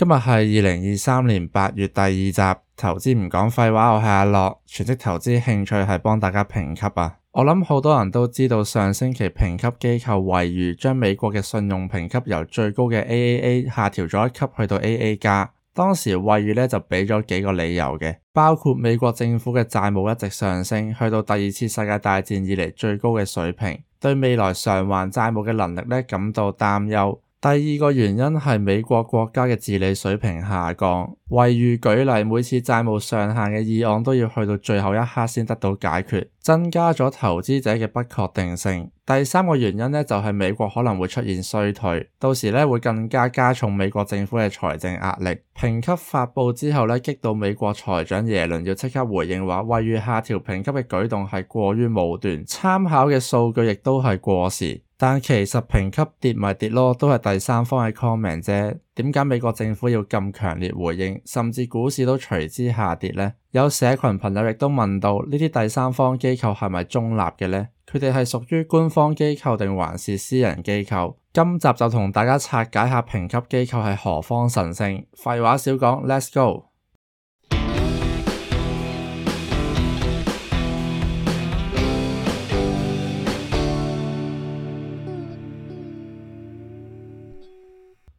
今日係二零二三年八月第二集，投資唔講廢話，我係阿樂，全職投資興趣係幫大家評級啊。我諗好多人都知道，上星期評級機構惠譽將美國嘅信用評級由最高嘅 AAA 下調咗一級去到 AA 加。當時惠譽呢就俾咗幾個理由嘅，包括美國政府嘅債務一直上升，去到第二次世界大戰以嚟最高嘅水平，對未來償還債務嘅能力呢感到擔憂。第二個原因係美國國家嘅治理水平下降，惠譽舉例，每次債務上限嘅議案都要去到最後一刻先得到解決，增加咗投資者嘅不確定性。第三個原因呢，就係、是、美國可能會出現衰退，到時呢會更加加重美國政府嘅財政壓力。評級發布之後呢，激到美國財長耶倫要即刻回應話，惠譽下調評級嘅舉動係過於武斷，參考嘅數據亦都係過時。但其實評級跌咪跌咯，都係第三方嘅 comment 啫。點解美國政府要咁強烈回應，甚至股市都隨之下跌呢？有社群朋友亦都問到，呢啲第三方機構係咪中立嘅呢？佢哋係屬於官方機構定還是私人機構？今集就同大家拆解下評級機構係何方神聖。廢話少講，let's go。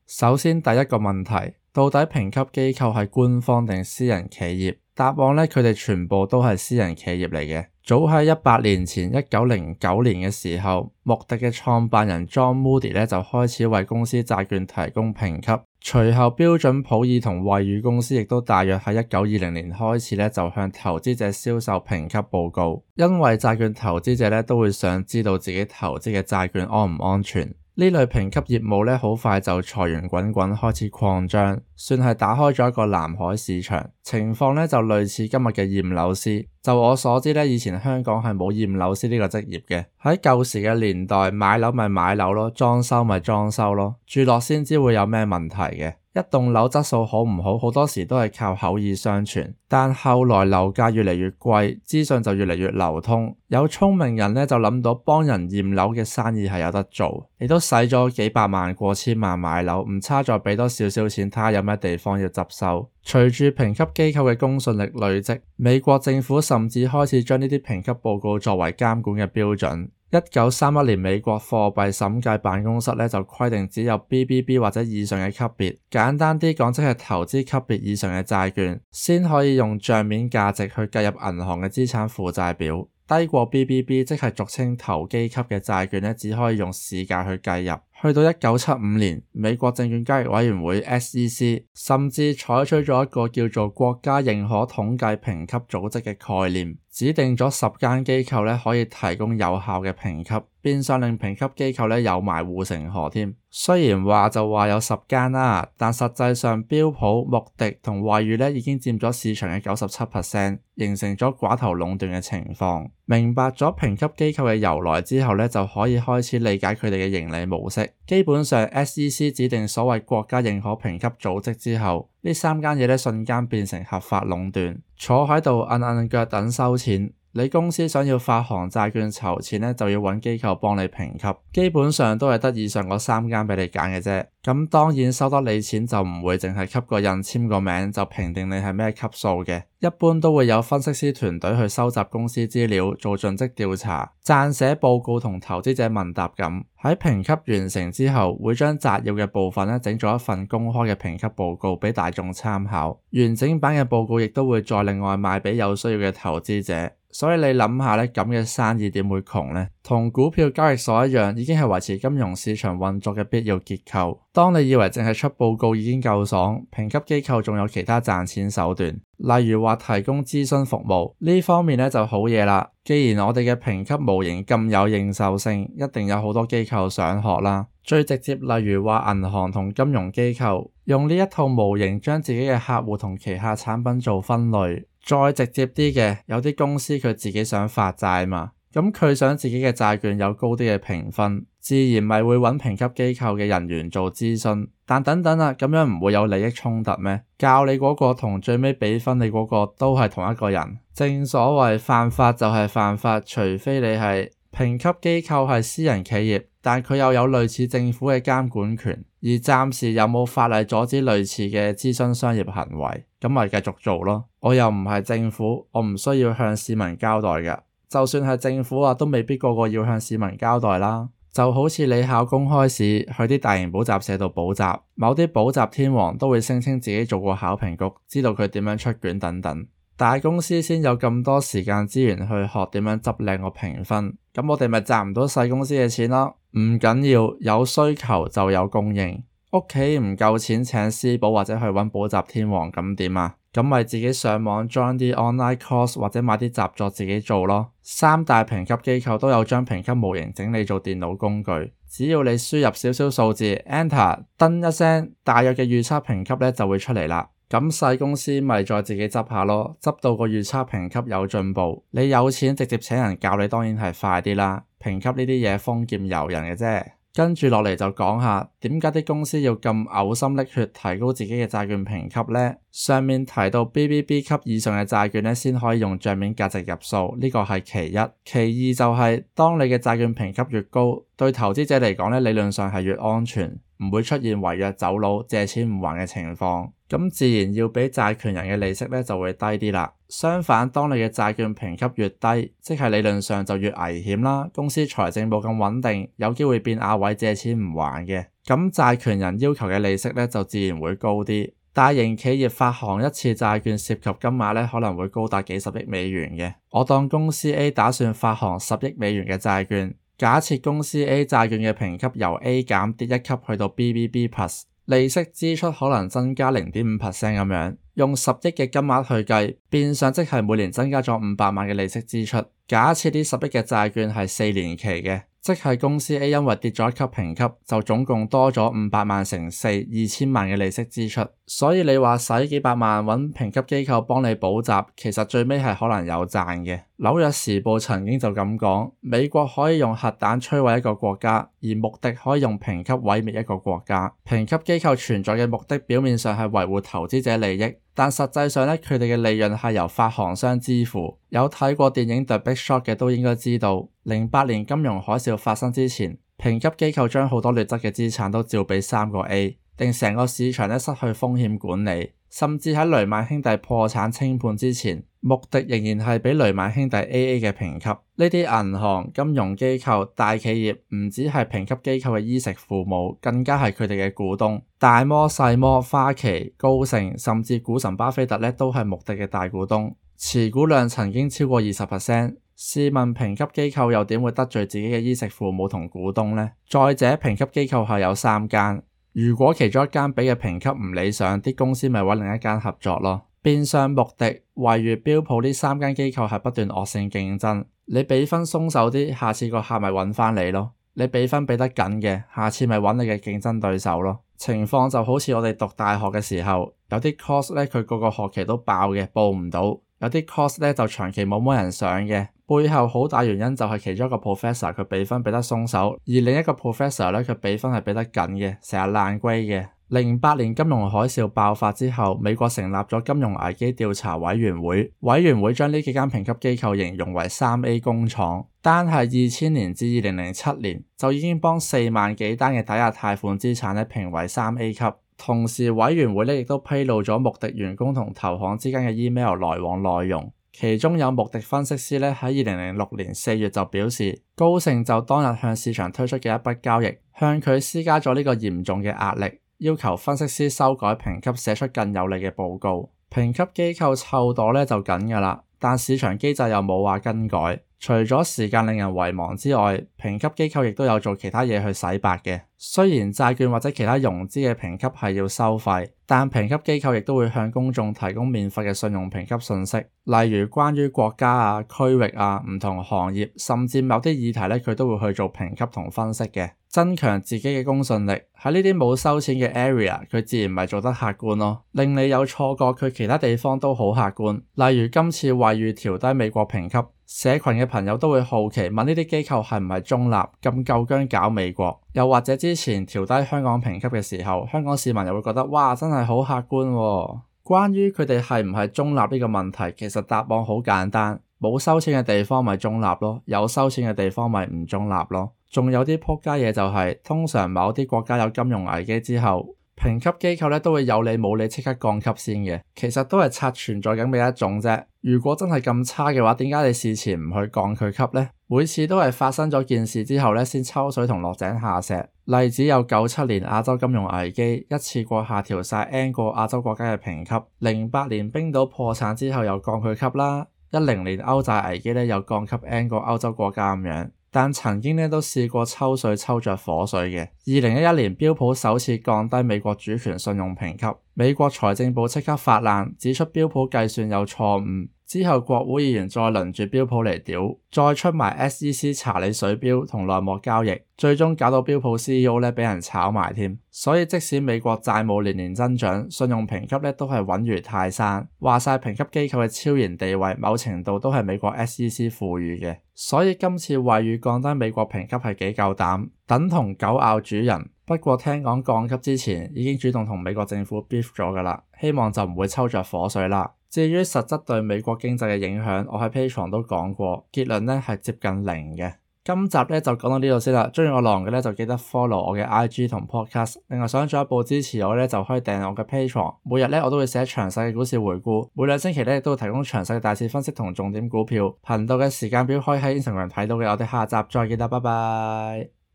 首先第一個問題，到底評級機構係官方定私人企業？答案呢，佢哋全部都係私人企業嚟嘅。早喺一百年前一九零九年嘅時候，穆迪嘅創辦人 John Moody 呢，就開始為公司債券提供評級。隨後，標準普爾同惠譽公司亦都大約喺一九二零年開始呢，就向投資者銷售評級報告。因為債券投資者呢，都會想知道自己投資嘅債券安唔安全。呢類評級業務呢，好快就財源滾滾，開始擴張。算係打開咗一個南海市場，情況呢就類似今日嘅驗樓師。就我所知呢，以前香港係冇驗樓師呢個職業嘅。喺舊時嘅年代，買樓咪買樓咯，裝修咪裝修咯，住落先知會有咩問題嘅。一棟樓質素好唔好，好多時都係靠口耳相傳。但後來樓價越嚟越貴，資訊就越嚟越流通，有聰明人呢，就諗到幫人驗樓嘅生意係有得做。你都使咗幾百萬、過千萬買樓，唔差再俾多少少錢他有。咩地方要接受？隨住評級機構嘅公信力累積，美國政府甚至開始將呢啲評級報告作為監管嘅標準。一九三一年，美國貨幣審計辦公室咧就規定，只有 BBB 或者以上嘅級別，簡單啲講，即係投資級別以上嘅債券，先可以用賬面價值去計入銀行嘅資產負債表。低過 BBB，即係俗稱投機級嘅債券咧，只可以用市價去計入。去到一九七五年，美國證券交易委員會 SEC 甚至採取咗一個叫做國家認可統計評級組織嘅概念。指定咗十間機構咧，可以提供有效嘅評級，變相令評級機構咧有埋護城河添。雖然話就話有十間啦，但實際上標普、穆迪同惠譽咧已經佔咗市場嘅九十七 percent，形成咗寡頭壟斷嘅情況。明白咗評級機構嘅由來之後咧，就可以開始理解佢哋嘅盈利模式。基本上 SEC 指定所謂國家認可評級組織之後。呢三間嘢咧，瞬間變成合法壟斷，坐喺度按按腳等收錢。你公司想要發行債券籌錢呢，就要揾機構幫你評級，基本上都係得以上嗰三間畀你揀嘅啫。咁當然收得你錢就唔會淨係給個印簽個名就評定你係咩級數嘅，一般都會有分析師團隊去收集公司資料，做盡職調查、撰寫報告同投資者問答咁。喺評級完成之後，會將摘要嘅部分呢整咗一份公開嘅評級報告俾大眾參考，完整版嘅報告亦都會再另外賣畀有需要嘅投資者。所以你諗下呢，咁嘅生意點會窮呢？同股票交易所一樣，已經係維持金融市場運作嘅必要結構。當你以為淨係出報告已經夠爽，評級機構仲有其他賺錢手段，例如話提供諮詢服務，呢方面呢就好嘢啦。既然我哋嘅評級模型咁有認受性，一定有好多機構想學啦。最直接，例如話銀行同金融機構用呢一套模型，將自己嘅客戶同旗下產品做分類。再直接啲嘅，有啲公司佢自己想發債嘛，咁佢想自己嘅債券有高啲嘅評分，自然咪會揾評級機構嘅人員做諮詢。但等等啦、啊，咁樣唔會有利益衝突咩？教你嗰個同最尾畀分你嗰個都係同一個人，正所謂犯法就係犯法，除非你係評級機構，係私人企業，但佢又有類似政府嘅監管權。而暫時有冇法例阻止類似嘅諮詢商業行為？咁咪繼續做咯。我又唔係政府，我唔需要向市民交代嘅。就算係政府啊，都未必個個要向市民交代啦。就好似你考公開試，去啲大型補習社度補習，某啲補習天王都會聲稱自己做過考評局，知道佢點樣出卷等等。大公司先有咁多時間資源去學點樣執靚個評分，咁我哋咪賺唔到細公司嘅錢咯。唔緊要，有需求就有供應。屋企唔夠錢請私補或者去揾補習天王，咁點啊？咁咪自己上網 join 啲 online course 或者買啲習作自己做咯。三大評級機構都有將評級模型整理做電腦工具，只要你輸入少少數字，enter，噔一聲，大約嘅預測評級咧就會出嚟啦。咁細公司咪再自己執下咯，執到個預測評級有進步。你有錢直接請人教你，當然係快啲啦。評級呢啲嘢，封劍遊人嘅啫。跟住落嚟就講下點解啲公司要咁嘔心瀝血提高自己嘅債券評級呢。上面提到 BBB 級以上嘅債券呢，先可以用賬面價值入數，呢個係其一，其二就係當你嘅債券評級越高，對投資者嚟講呢，理論上係越安全，唔會出現違約走佬借錢唔還嘅情況。咁自然要俾債權人嘅利息呢就會低啲啦。相反，當你嘅債券評級越低，即係理論上就越危險啦。公司財政冇咁穩定，有機會變阿偉借錢唔還嘅。咁債權人要求嘅利息呢，就自然會高啲。大型企業發行一次債券涉及金額呢，可能會高達幾十億美元嘅。我當公司 A 打算發行十億美元嘅債券，假設公司 A 債券嘅評級由 A 減跌一級去到 BBB+。Plus。利息支出可能增加零點五 percent 咁樣，用十億嘅金額去計，變相即係每年增加咗五百萬嘅利息支出。假設呢十億嘅債券係四年期嘅，即係公司 A 因為跌咗一級評級，就總共多咗五百萬乘四，二千萬嘅利息支出。所以你話使幾百萬搵評級機構幫你補習，其實最尾係可能有賺嘅。紐約時報曾經就咁講：美國可以用核彈摧毀一個國家，而目的可以用評級毀滅一個國家。評級機構存在嘅目的，表面上係維護投資者利益。但實際上咧，佢哋嘅利潤係由發行商支付。有睇過電影《The Big Short》嘅都應該知道，零八年金融海嘯發生之前，評級機構將好多劣質嘅資產都照畀三個 A，令成個市場咧失去風險管理，甚至喺雷曼兄弟破產清盤之前，目的仍然係畀雷曼兄弟 AA 嘅評級，呢啲銀行、金融機構、大企業唔止係評級機構嘅衣食父母，更加係佢哋嘅股東。大摩、細摩、花旗、高盛，甚至股神巴菲特呢都係目的嘅大股東，持股量曾經超過二十 percent。試問評級機構又點會得罪自己嘅衣食父母同股東呢？再者，評級機構係有三間，如果其中一間畀嘅評級唔理想，啲公司咪揾另一間合作咯。變相目的，惠譽標普呢三間機構係不斷惡性競爭，你俾分鬆手啲，下次個客咪揾翻你咯；你俾分俾得緊嘅，下次咪揾你嘅競爭對手咯。情況就好似我哋讀大學嘅時候，有啲 course 咧，佢個個學期都爆嘅，報唔到；有啲 course 咧就長期冇乜人上嘅，背後好大原因就係其中一個 professor 佢俾分俾得鬆手，而另一個 professor 呢，佢俾分係俾得緊嘅，成日爛龜嘅。零八年金融海嘯爆發之後，美國成立咗金融危機調查委員會。委員會將呢幾間評級機構形容為三 A 工廠，單係二千年至二零零七年就已經幫四萬幾單嘅抵押貸款資產呢評為三 A 級。同時，委員會呢亦都披露咗穆迪員工同投行之間嘅 email 來往內容，其中有穆迪分析師呢喺二零零六年四月就表示，高盛就當日向市場推出嘅一筆交易向佢施加咗呢個嚴重嘅壓力。要求分析師修改評級，寫出更有利嘅報告。評級機構湊到呢就緊㗎啦，但市場機制又冇話更改。除咗時間令人遺忘之外，評級機構亦都有做其他嘢去洗白嘅。雖然債券或者其他融資嘅評級係要收費，但評級機構亦都會向公眾提供免費嘅信用評級信息，例如關於國家啊、區域啊、唔同行業，甚至某啲議題呢，佢都會去做評級同分析嘅，增強自己嘅公信力。喺呢啲冇收錢嘅 area，佢自然就係做得客觀咯，令你有錯覺佢其他地方都好客觀。例如今次惠譽調低美國評級。社群嘅朋友都會好奇問呢啲機構係唔係中立？咁夠薑搞美國，又或者之前調低香港評級嘅時候，香港市民又會覺得，哇，真係好客觀哦。關於佢哋係唔係中立呢個問題，其實答案好簡單，冇收錢嘅地方咪中立咯，有收錢嘅地方咪唔中立咯。仲有啲撲街嘢就係，係，通常某啲國家有金融危機之後。評級機構咧都會有你冇你，即刻降級先嘅。其實都係刷存在緊嘅一種啫。如果真係咁差嘅話，點解你事前唔去降佢級咧？每次都係發生咗件事之後咧，先抽水同落井下石。例子有九七年亞洲金融危機，一次過下調晒 N 個亞洲國家嘅評級。零八年冰島破產之後又降佢級啦。一零年歐債危機咧又降級 N 個歐洲國家咁樣。但曾經呢都試過抽水抽着火水嘅。二零一一年，標普首次降低美國主權信用評級，美國財政部即刻發難，指出標普計算有錯誤。之後國會議員再輪住標普嚟屌，再出埋 SEC 查理水標同內幕交易，最終搞到標普 CEO 咧俾人炒埋添。所以即使美國債務年年增長，信用評級都係穩如泰山。話晒評級機構嘅超然地位，某程度都係美國 SEC 賦予嘅。所以今次惠譽降低美國評級係幾夠膽，等同狗咬主人。不過聽講降級之前已經主動同美國政府 brief 咗噶啦，希望就唔會抽着火水啦。至於實質對美國經濟嘅影響，我喺 Patreon 都講過，結論呢係接近零嘅。今集呢就講到呢度先啦。中意我郎嘅呢就記得 follow 我嘅 IG 同 Podcast，另外想進一步支持我呢就可以訂閱我嘅 Patreon。每日呢，我都會寫詳細嘅股市回顧，每兩星期呢，都會提供詳細嘅大市分析同重點股票。頻道嘅時間表可以喺 Instagram 睇到嘅。我哋下集再見啦，拜拜。